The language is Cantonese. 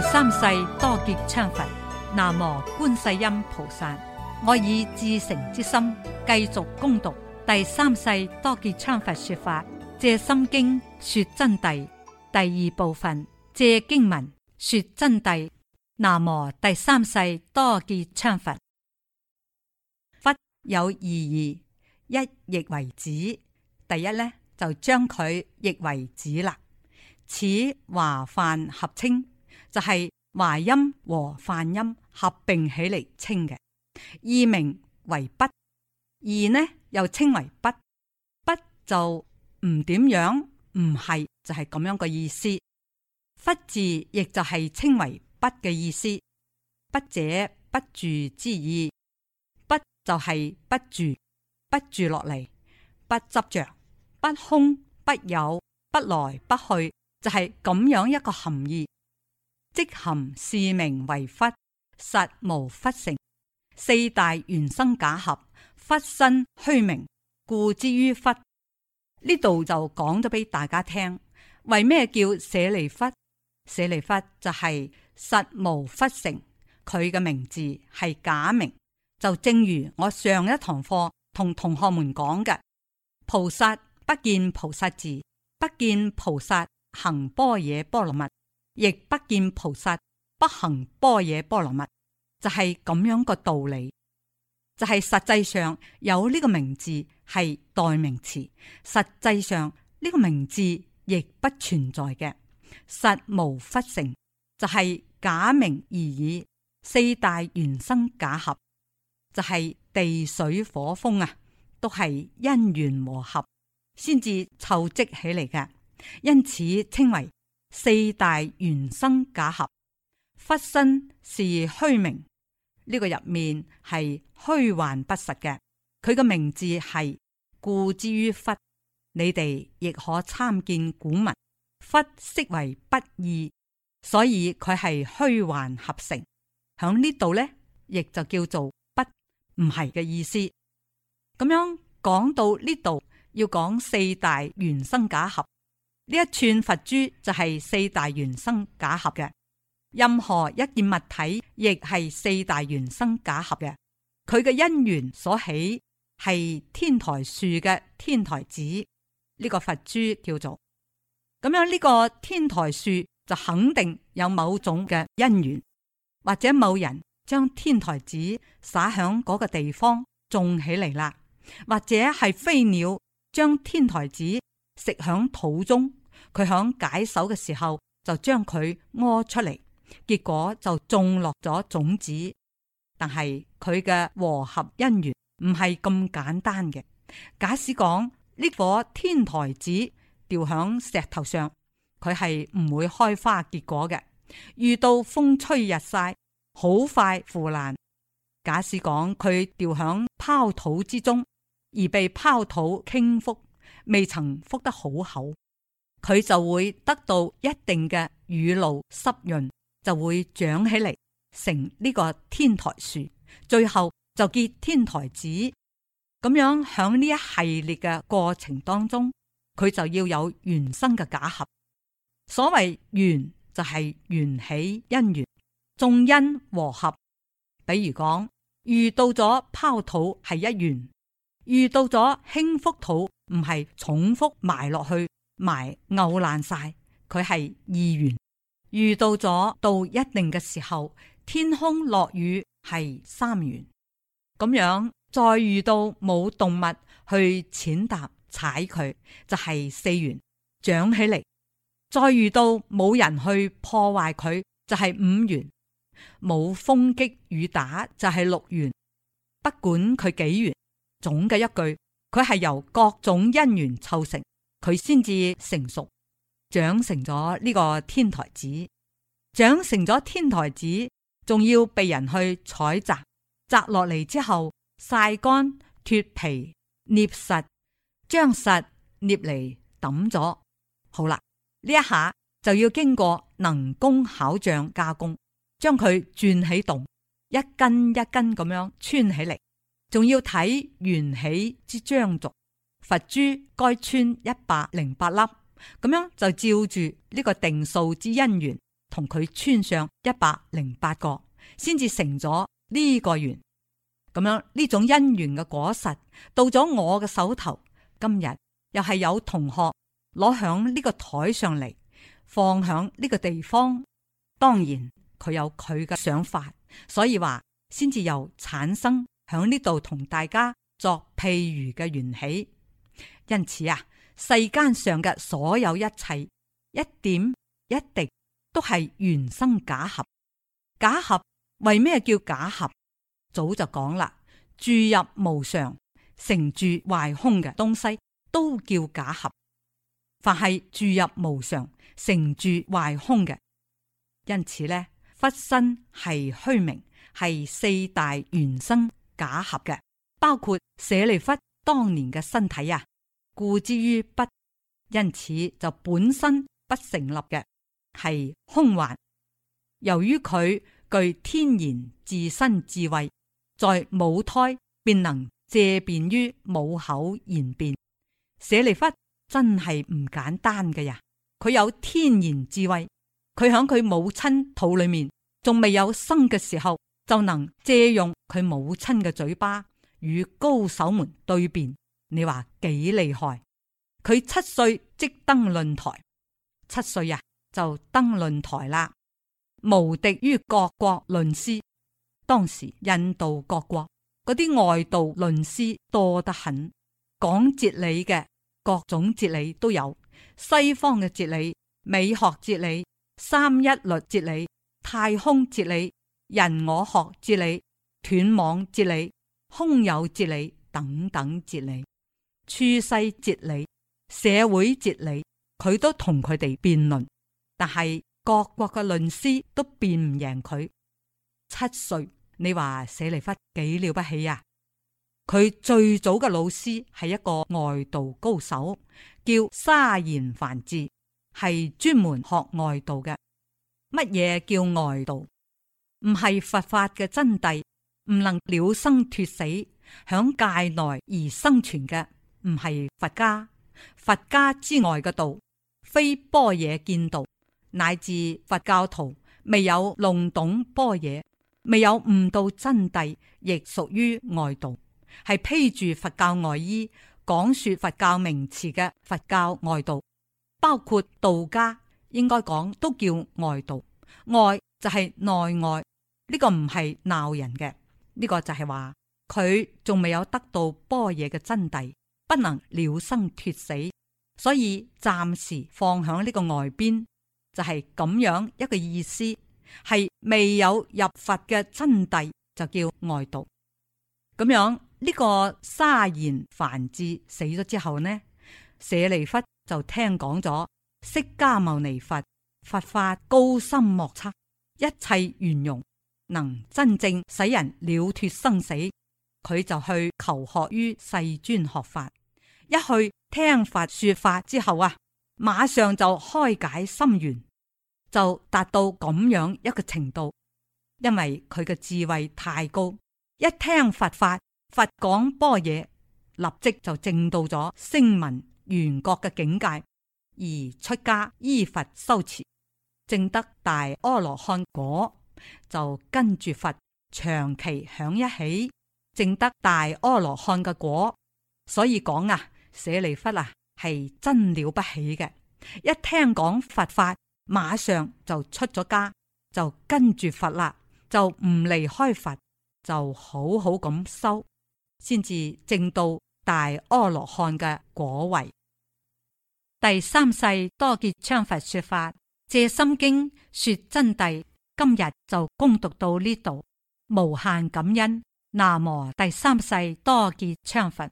第三世多杰羌佛，南無觀世音菩薩。我以至誠之心繼續恭讀第三世多杰羌佛說法《借心經》說真諦第二部分，《借經文說真諦》。南無第三世多杰羌佛，佛有意義，一亦為止。第一呢，就將佢亦為止啦，此華泛合稱。.就係華音和泛音合併起嚟稱嘅，意名為不二呢，又稱為不不就唔點樣，唔係就係咁樣嘅意思。不字亦就係稱為不嘅意思，不者不住之意，不就係不住，不住落嚟，不執着，不空不有，不來不去，就係、是、咁樣一個含義。即含是名為佛，實無佛性。四大原生假合，佛身虛名，故之於佛。呢度就講咗俾大家聽，為咩叫舍利弗？舍利弗就係實無佛性，佢嘅名字係假名。就正如我上一堂課同同學們講嘅，菩薩不見菩薩字，不見菩薩行般若波羅蜜。亦不見菩薩不行般若波羅蜜，就係、是、咁樣個道理，就係、是、實際上有呢個名字係代名詞，實際上呢、這個名字亦不存在嘅，實無佛成，就係、是、假名而已。四大原生假合，就係、是、地水火風啊，都係因緣和合先至湊積起嚟嘅，因此稱為。四大緣生假合，佛身是虛名，呢個入面係虛幻不實嘅。佢個名字係故之於忽，你哋亦可參見古文忽釋為不義，所以佢係虛幻合成。響呢度呢，亦就叫做不，唔係嘅意思。咁樣講到呢度，要講四大緣生假合。呢一串佛珠就係四大原生假合嘅，任何一件物體亦係四大原生假合嘅。佢嘅因緣所起係天台樹嘅天台子，呢、這個佛珠叫做咁樣。呢個天台樹就肯定有某種嘅因緣，或者某人將天台子灑響嗰個地方種起嚟啦，或者係飛鳥將天台子食響土中。佢響解手嘅時候就將佢屙出嚟，結果就種落咗種子。但係佢嘅和合姻緣唔係咁簡單嘅。假使講呢顆天台子掉響石頭上，佢係唔會開花結果嘅。遇到風吹日曬，好快腐爛。假使講佢掉響拋土之中，而被拋土傾覆，未曾覆得好厚。佢就會得到一定嘅雨露濕潤，就會長起嚟，成呢個天台樹，最後就結天台子。咁樣響呢一系列嘅過程當中，佢就要有原生嘅假合。所謂緣就係、是、緣起因緣，眾因和合。比如講遇到咗拋土係一緣，遇到咗輕覆土唔係重覆埋落去。埋漚爛晒，佢係二元；遇到咗到一定嘅時候，天空落雨係三元；咁樣再遇到冇動物去踐踏踩佢，就係、是、四元；長起嚟，再遇到冇人去破壞佢，就係、是、五元；冇風擊雨打就係、是、六元。不管佢幾元，總嘅一句，佢係由各種因緣湊成。佢先至成熟，長成咗呢個天台子，長成咗天台子，仲要被人去採摘，摘落嚟之後曬乾脫皮捏實，將實捏嚟揼咗。好啦，呢一下就要經過能工巧匠加工，將佢轉起洞，一根一根咁樣穿起嚟，仲要睇緣起之張族。佛珠該穿一百零八粒，咁樣就照住呢個定數之因緣，同佢穿上一百零八個，先至成咗呢個緣。咁樣呢種因緣嘅果實到咗我嘅手頭，今日又係有同學攞響呢個台上嚟放響呢個地方，當然佢有佢嘅想法，所以話先至又產生響呢度同大家作譬如嘅緣起。因此啊，世間上嘅所有一切，一點一滴都係原生假合。假合為咩叫假合？早就講啦，注入無常，成住壞空嘅東西都叫假合。凡係注入無常、成住壞空嘅，因此咧，佛身係虛名，係四大原生假合嘅，包括舍利弗當年嘅身體啊。故之于不，因此就本身不成立嘅係空幻。由於佢具天然自身智慧，在母胎便能借便於母口言辯。舍利弗真係唔簡單嘅呀！佢有天然智慧，佢響佢母親肚裏面仲未有生嘅時候，就能借用佢母親嘅嘴巴與高手們對辯。你話幾厲害？佢七歲即登論台，七歲呀、啊、就登論台啦，無敵於各國論師。當時印度各國嗰啲外道論師多得很，講哲理嘅各種哲理都有，西方嘅哲理、美學哲理、三一律哲理、太空哲理、人我學哲理、斷網哲理、空有哲理等等哲理。處世哲理、社會哲理，佢都同佢哋辯論，但係各國嘅論師都辯唔贏佢。七歲，你話舍利弗幾了不起呀、啊？佢最早嘅老師係一個外道高手，叫沙賢凡智，係專門學外道嘅。乜嘢叫外道？唔係佛法嘅真諦，唔能了生脫死，響界內而生存嘅。唔係佛家，佛家之外嘅道，非般若見道，乃至佛教徒未有弄懂般若，未有悟到真諦，亦屬於外道，係披住佛教外衣講說佛教名詞嘅佛教外道，包括道家，應該講都叫外道。外就係內外，呢、這個唔係鬧人嘅，呢、這個就係話佢仲未有得到般若嘅真諦。不能了生脫死，所以暫時放喺呢個外邊，就係咁樣一個意思，係未有入佛嘅真諦就叫外道。咁樣呢個沙賢梵志死咗之後呢，舍利弗就聽講咗釋迦牟尼佛佛法高深莫測，一切圓融，能真正使人了脫生死，佢就去求學於世尊學法。一去聽佛說法之後啊，馬上就開解心願，就達到咁樣一個程度。因為佢嘅智慧太高，一聽佛法，佛講般若，立即就證到咗聲聞緣覺嘅境界，而出家依佛修持，證得大阿羅漢果，就跟住佛長期響一起，證得大阿羅漢嘅果。所以講啊。舍利弗啊，係真了不起嘅！一聽講佛法，馬上就出咗家，就跟住佛啦，就唔離開佛，就好好咁修，先至證到大阿羅漢嘅果位。第三世多杰羌佛說法《藉心經》說真諦，今日就恭讀到呢度，無限感恩。南無第三世多杰羌佛。